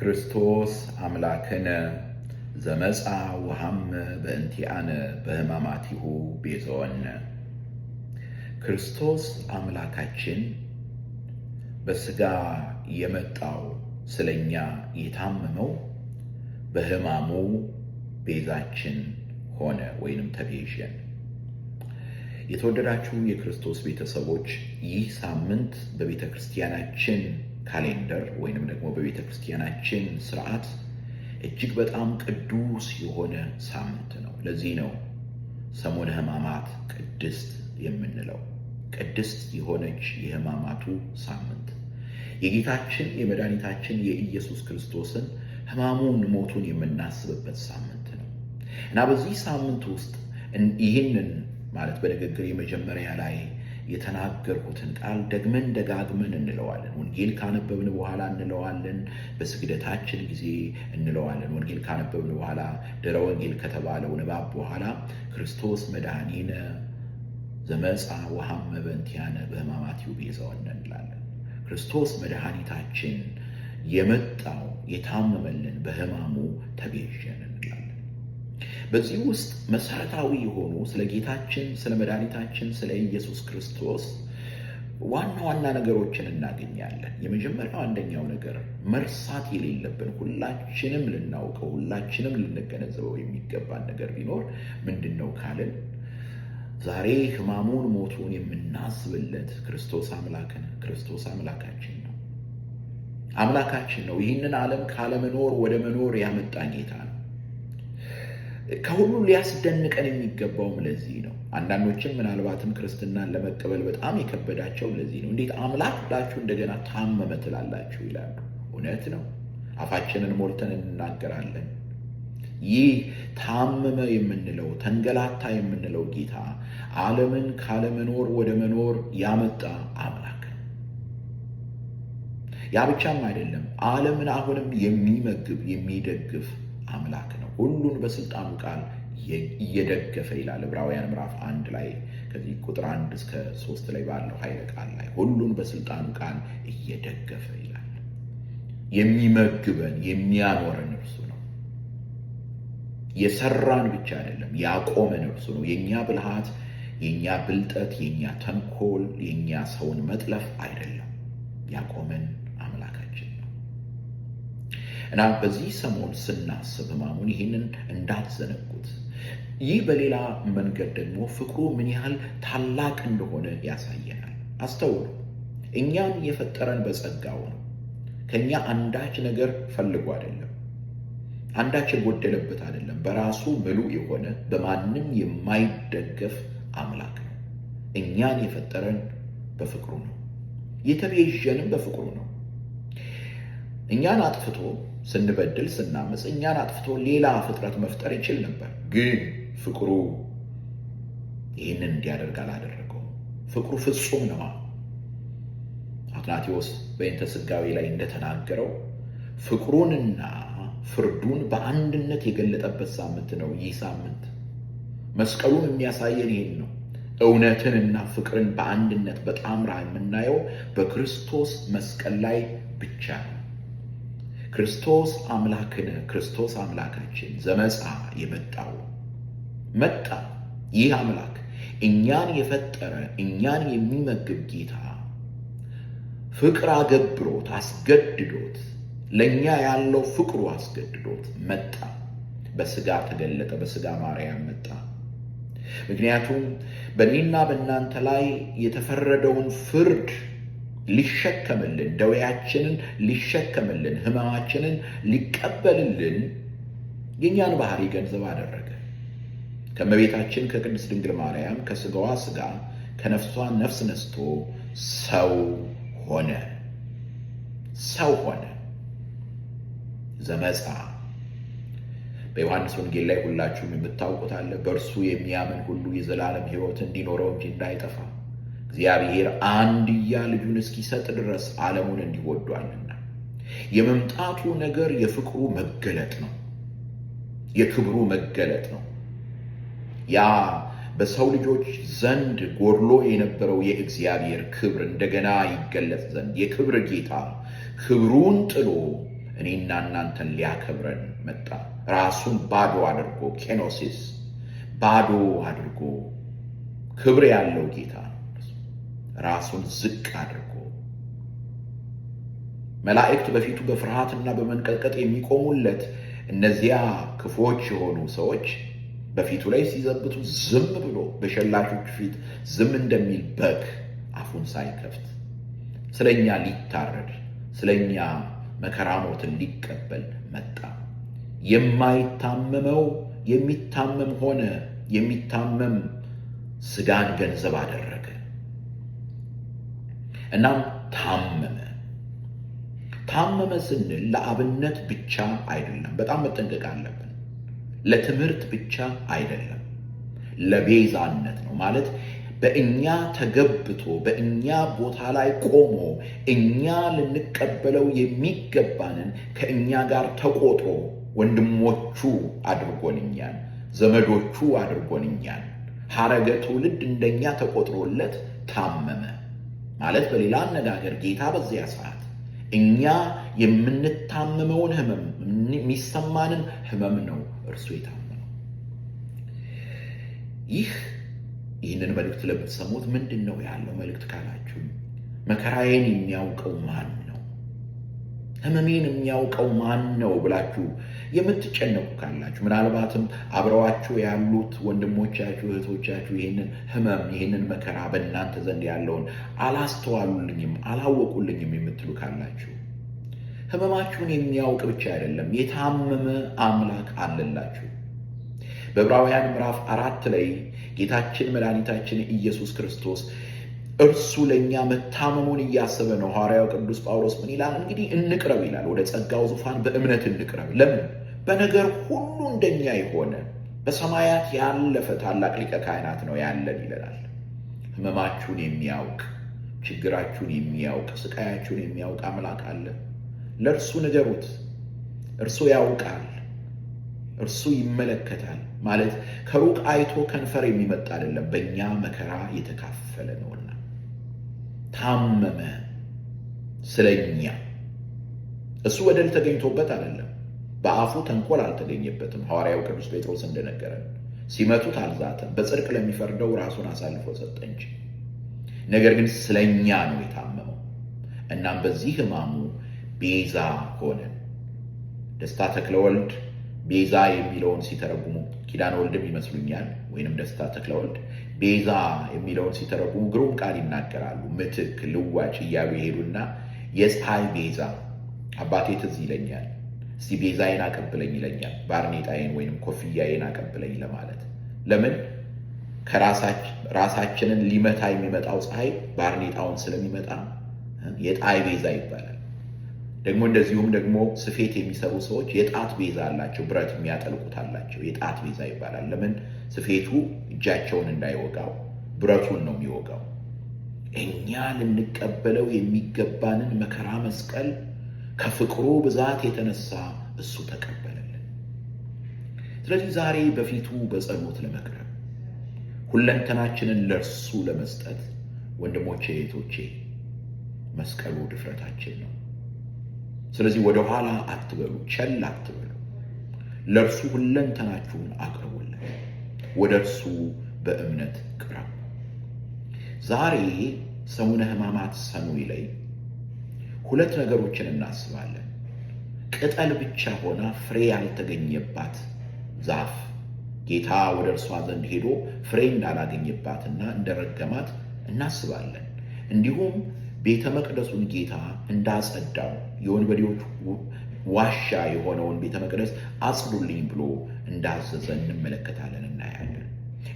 ክርስቶስ አምላክነ ዘመፃ ውሃመ በእንቲአነ በሕማማቲሁ ቤዛወነ። ክርስቶስ አምላካችን በሥጋ የመጣው ስለኛ የታመመው በሕማሙ ቤዛችን ሆነ ወይንም ተቤዥን። የተወደዳችሁ የክርስቶስ ቤተሰቦች ይህ ሳምንት በቤተ ክርስቲያናችን ካሌንደር ወይንም ደግሞ በቤተ ክርስቲያናችን ስርዓት እጅግ በጣም ቅዱስ የሆነ ሳምንት ነው። ለዚህ ነው ሰሙነ ሕማማት ቅድስት የምንለው። ቅድስት የሆነች የሕማማቱ ሳምንት የጌታችን የመድኃኒታችን የኢየሱስ ክርስቶስን ሕማሙን ሞቱን የምናስብበት ሳምንት ነው እና በዚህ ሳምንት ውስጥ ይህንን ማለት በንግግር የመጀመሪያ ላይ የተናገርኩትን ቃል ደግመን ደጋግመን እንለዋለን። ወንጌል ካነበብን በኋላ እንለዋለን። በስግደታችን ጊዜ እንለዋለን። ወንጌል ካነበብን በኋላ ድረ ወንጌል ከተባለው ንባብ በኋላ ክርስቶስ መድኃኒነ ዘመፃ ወሐመ በእንቲአነ በሕማማቲሁ ቤዛወነ እንላለን። ክርስቶስ መድኃኒታችን የመጣው የታመመልን በሕማሙ ተቤዠን በዚህ ውስጥ መሰረታዊ የሆኑ ስለ ጌታችን ስለ መድኃኒታችን ስለ ኢየሱስ ክርስቶስ ዋና ዋና ነገሮችን እናገኛለን። የመጀመሪያው አንደኛው ነገር መርሳት የሌለብን ሁላችንም ልናውቀው ሁላችንም ልንገነዘበው የሚገባን ነገር ቢኖር ምንድን ነው ካልን ዛሬ ሕማሙን ሞቱን የምናስብለት ክርስቶስ አምላክን ክርስቶስ አምላካችን ነው አምላካችን ነው። ይህንን ዓለም ካለመኖር ወደ መኖር ያመጣ ጌታ ነው። ከሁሉ ሊያስደንቀን የሚገባውም ለዚህ ነው። አንዳንዶችም ምናልባትም ክርስትናን ለመቀበል በጣም የከበዳቸው ለዚህ ነው። እንዴት አምላክ ብላችሁ እንደገና ታመመ ትላላችሁ ይላሉ። እውነት ነው። አፋችንን ሞልተን እንናገራለን። ይህ ታመመ የምንለው ተንገላታ የምንለው ጌታ ዓለምን ካለመኖር ወደ መኖር ያመጣ አምላክ ነው። ያ ብቻም አይደለም፣ ዓለምን አሁንም የሚመግብ የሚደግፍ አምላክ ነው። ሁሉን በስልጣኑ ቃል እየደገፈ ይላል ዕብራውያን ምዕራፍ አንድ ላይ ከዚህ ቁጥር አንድ እስከ ሶስት ላይ ባለው ኃይለ ቃል ላይ ሁሉን በስልጣኑ ቃል እየደገፈ ይላል። የሚመግበን የሚያኖረን እርሱ ነው። የሰራን ብቻ አይደለም፣ ያቆመን እርሱ ነው። የእኛ ብልሃት፣ የእኛ ብልጠት፣ የእኛ ተንኮል፣ የእኛ ሰውን መጥለፍ አይደለም ያቆመን እና በዚህ ሰሞን ስናስብ ማሙን ይህንን እንዳትዘነጉት። ይህ በሌላ መንገድ ደግሞ ፍቅሩ ምን ያህል ታላቅ እንደሆነ ያሳየናል። አስተውሉ። እኛን የፈጠረን በጸጋው ነው። ከእኛ አንዳች ነገር ፈልጎ አይደለም። አንዳች የጎደለበት አይደለም። በራሱ ምሉ የሆነ በማንም የማይደገፍ አምላክ ነው። እኛን የፈጠረን በፍቅሩ ነው። የተቤዠንም በፍቅሩ ነው። እኛን አጥፍቶ ስንበድል ስናመፅ እኛን አጥፍቶ ሌላ ፍጥረት መፍጠር ይችል ነበር። ግን ፍቅሩ ይህንን እንዲያደርግ አላደረገውም። ፍቅሩ ፍጹም ነዋ። አትናቴዎስ በእንተ ስጋዌ ላይ እንደተናገረው ፍቅሩንና ፍርዱን በአንድነት የገለጠበት ሳምንት ነው ይህ ሳምንት። መስቀሉን የሚያሳየን ይህን ነው። እውነትንና ፍቅርን በአንድነት በጣምራ የምናየው በክርስቶስ መስቀል ላይ ብቻ ነው። ክርስቶስ አምላክነ ክርስቶስ አምላካችን ዘመፃ የመጣው መጣ። ይህ አምላክ እኛን የፈጠረ እኛን የሚመግብ ጌታ ፍቅር አገብሮት አስገድዶት ለእኛ ያለው ፍቅሩ አስገድዶት መጣ። በስጋ ተገለጠ። በስጋ ማርያም መጣ። ምክንያቱም በእኔና በእናንተ ላይ የተፈረደውን ፍርድ ሊሸከምልን፣ ደዌያችንን ሊሸከምልን፣ ህመማችንን ሊቀበልልን የእኛን ባህሪ ገንዘብ አደረገ። ከእመቤታችን ከቅድስት ድንግል ማርያም ከስጋዋ ስጋ ከነፍሷ ነፍስ ነስቶ ሰው ሆነ። ሰው ሆነ ዘመጻ በዮሐንስ ወንጌል ላይ ሁላችሁም የምታውቁት አለ። በእርሱ የሚያምን ሁሉ የዘላለም ሕይወት እንዲኖረው እንጂ እንዳይጠፋ እግዚአብሔር አንድያ ልጁን እስኪሰጥ ድረስ ዓለሙን እንዲወዷልና የመምጣቱ ነገር የፍቅሩ መገለጥ ነው፣ የክብሩ መገለጥ ነው። ያ በሰው ልጆች ዘንድ ጎድሎ የነበረው የእግዚአብሔር ክብር እንደገና ይገለጽ ዘንድ የክብር ጌታ ክብሩን ጥሎ እኔና እናንተን ሊያከብረን መጣ። ራሱን ባዶ አድርጎ ኬኖሲስ ባዶ አድርጎ ክብር ያለው ጌታ ራሱን ዝቅ አድርጎ መላእክት በፊቱ በፍርሃትና በመንቀጥቀጥ የሚቆሙለት እነዚያ ክፉዎች የሆኑ ሰዎች በፊቱ ላይ ሲዘብቱ ዝም ብሎ በሸላቾች ፊት ዝም እንደሚል በግ አፉን ሳይከፍት ስለ እኛ ሊታረድ ስለ እኛ መከራ ሞትን ሊቀበል መጣ። የማይታመመው የሚታመም ሆነ፣ የሚታመም ስጋን ገንዘብ አደረገ። እናም ታመመ። ታመመ ስንል ለአብነት ብቻ አይደለም፣ በጣም መጠንቀቅ አለብን። ለትምህርት ብቻ አይደለም፣ ለቤዛነት ነው ማለት በእኛ ተገብቶ በእኛ ቦታ ላይ ቆሞ እኛ ልንቀበለው የሚገባንን ከእኛ ጋር ተቆጥሮ ወንድሞቹ አድርጎንኛል፣ ዘመዶቹ አድርጎንኛል። እኛን ሐረገ ትውልድ እንደኛ ተቆጥሮለት ታመመ። ማለት በሌላ አነጋገር ጌታ በዚያ ሰዓት እኛ የምንታመመውን ህመም የሚሰማንን ህመም ነው እርሱ የታመመው። ይህ ይህንን መልእክት ለምትሰሙት ምንድን ነው ያለው መልእክት ካላችሁ፣ መከራዬን የሚያውቀው ማን ነው? ህመሜን የሚያውቀው ማን ነው ብላችሁ የምትጨነቁ ካላችሁ ምናልባትም አብረዋችሁ ያሉት ወንድሞቻችሁ እህቶቻችሁ ይህንን ህመም ይህንን መከራ በእናንተ ዘንድ ያለውን አላስተዋሉልኝም፣ አላወቁልኝም የምትሉ ካላችሁ ህመማችሁን የሚያውቅ ብቻ አይደለም የታመመ አምላክ አለላችሁ። በዕብራውያን ምዕራፍ አራት ላይ ጌታችን መድኃኒታችን ኢየሱስ ክርስቶስ እርሱ ለእኛ መታመሙን እያሰበ ነው። ሐዋርያው ቅዱስ ጳውሎስ ምን ይላል? እንግዲህ እንቅረብ ይላል። ወደ ጸጋው ዙፋን በእምነት እንቅረብ። ለምን? በነገር ሁሉ እንደኛ የሆነ በሰማያት ያለፈ ታላቅ ሊቀ ካህናት ነው ያለን ይለናል። ህመማችሁን የሚያውቅ ችግራችሁን የሚያውቅ ስቃያችሁን የሚያውቅ አምላክ አለ። ለእርሱ ንገሩት፣ እርሱ ያውቃል፣ እርሱ ይመለከታል። ማለት ከሩቅ አይቶ ከንፈር የሚመጣ አይደለም፣ በእኛ መከራ የተካፈለ ነውና ታመመ ስለኛ። እሱ ወደል ተገኝቶበት አይደለም በአፉ ተንኮል አልተገኘበትም። ሐዋርያው ቅዱስ ጴጥሮስ እንደነገረን ሲመቱት አልዛተም፣ በጽድቅ ለሚፈርደው ራሱን አሳልፎ ሰጠ እንጂ። ነገር ግን ስለ እኛ ነው የታመመው። እናም በዚህ ሕማሙ ቤዛ ሆነ። ደስታ ተክለወልድ ቤዛ የሚለውን ሲተረጉሙ ኪዳነ ወልድም ይመስሉኛል፣ ወይንም ደስታ ተክለወልድ ቤዛ የሚለውን ሲተረጉሙ ግሩም ቃል ይናገራሉ። ምትክ፣ ልዋጭ እያሉ ይሄዱና የፀሐይ ቤዛ አባቴ ትዝ ይለኛል እስቲ ቤዛዬን አቀብለኝ ይለኛል። ባርኔጣዬን ወይም ኮፍያዬን አቀብለኝ ለማለት ለምን ከራሳችንን ሊመታ የሚመጣው ፀሐይ ባርኔጣውን ስለሚመጣ የጣይ ቤዛ ይባላል። ደግሞ እንደዚሁም ደግሞ ስፌት የሚሰሩ ሰዎች የጣት ቤዛ አላቸው፣ ብረት የሚያጠልቁት አላቸው። የጣት ቤዛ ይባላል። ለምን ስፌቱ እጃቸውን እንዳይወጋው ብረቱን ነው የሚወጋው። እኛ ልንቀበለው የሚገባንን መከራ መስቀል ከፍቅሩ ብዛት የተነሳ እሱ ተቀበለልን። ስለዚህ ዛሬ በፊቱ በጸሎት ለመቅረብ ሁለንተናችንን ለእርሱ ለመስጠት ወንድሞቼ፣ እህቶቼ መስቀሉ ድፍረታችን ነው። ስለዚህ ወደ ኋላ አትበሉ፣ ቸል አትበሉ። ለእርሱ ሁለንተናችሁን አቅርቡለት። ወደ እርሱ በእምነት ቅረቡ። ዛሬ ሰሙነ ሕማማት ሰኑይ ላይ ሁለት ነገሮችን እናስባለን። ቅጠል ብቻ ሆና ፍሬ ያልተገኘባት ዛፍ ጌታ ወደ እርሷ ዘንድ ሄዶ ፍሬ እንዳላገኘባትና እንደረገማት እናስባለን። እንዲሁም ቤተ መቅደሱን ጌታ እንዳጸዳው የወንበዴዎች ዋሻ የሆነውን ቤተ መቅደስ አጽዱልኝ ብሎ እንዳዘዘ እንመለከታለን፣ እናያለን።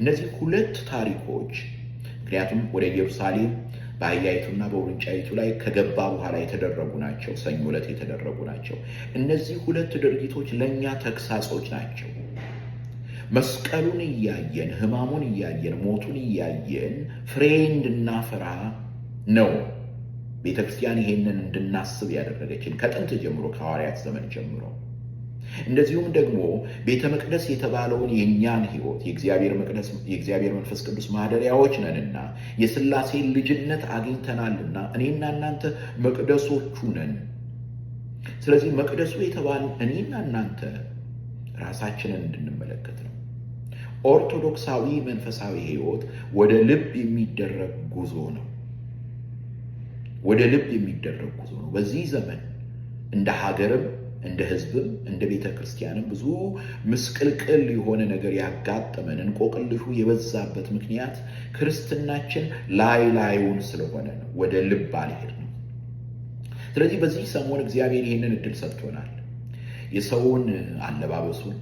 እነዚህ ሁለት ታሪኮች ምክንያቱም ወደ ኢየሩሳሌም በአህያይቱና በውርንጫይቱ ላይ ከገባ በኋላ የተደረጉ ናቸው። ሰኞ ዕለት የተደረጉ ናቸው። እነዚህ ሁለት ድርጊቶች ለእኛ ተግሳጾች ናቸው። መስቀሉን እያየን ሕማሙን እያየን ሞቱን እያየን ፍሬ እንድናፈራ ነው ቤተ ክርስቲያን ይሄንን እንድናስብ ያደረገችን ከጥንት ጀምሮ ከሐዋርያት ዘመን ጀምሮ እንደዚሁም ደግሞ ቤተ መቅደስ የተባለውን የእኛን ህይወት የእግዚአብሔር መቅደስ የእግዚአብሔር መንፈስ ቅዱስ ማደሪያዎች ነንና የስላሴ ልጅነት አግኝተናልና እኔና እናንተ መቅደሶቹ ነን። ስለዚህ መቅደሱ የተባለው እኔና እናንተ ራሳችንን እንድንመለከት ነው። ኦርቶዶክሳዊ መንፈሳዊ ህይወት ወደ ልብ የሚደረግ ጉዞ ነው። ወደ ልብ የሚደረግ ጉዞ ነው። በዚህ ዘመን እንደ ሀገርም እንደ ህዝብም እንደ ቤተ ክርስቲያንም ብዙ ምስቅልቅል የሆነ ነገር ያጋጠመን እንቆቅልሹ የበዛበት ምክንያት ክርስትናችን ላይ ላዩን ስለሆነ ነው፣ ወደ ልብ ነው። ስለዚህ በዚህ ሰሞን እግዚአብሔር ይህንን እድል ሰጥቶናል። የሰውን አለባበሱን፣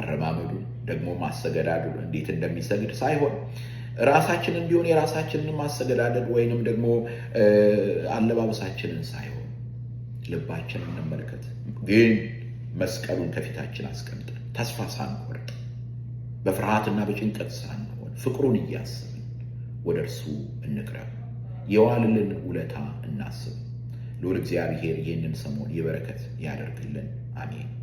አረማመዱን ደግሞ ማሰገዳዱን እንዴት እንደሚሰግድ ሳይሆን ራሳችንን ቢሆን የራሳችንን ማሰገዳደድ ወይንም ደግሞ አለባበሳችንን ሳይሆን ልባችን እንመልከት። ግን መስቀሉን ከፊታችን አስቀምጠን ተስፋ ሳንቆርጥ በፍርሃትና በጭንቀት ሳንሆን ፍቅሩን እያስብን ወደ እርሱ እንቅረብ። የዋልልን ውለታ እናስብ። ልዑል እግዚአብሔር ይህንን ሰሞን የበረከት ያደርግልን። አሜን።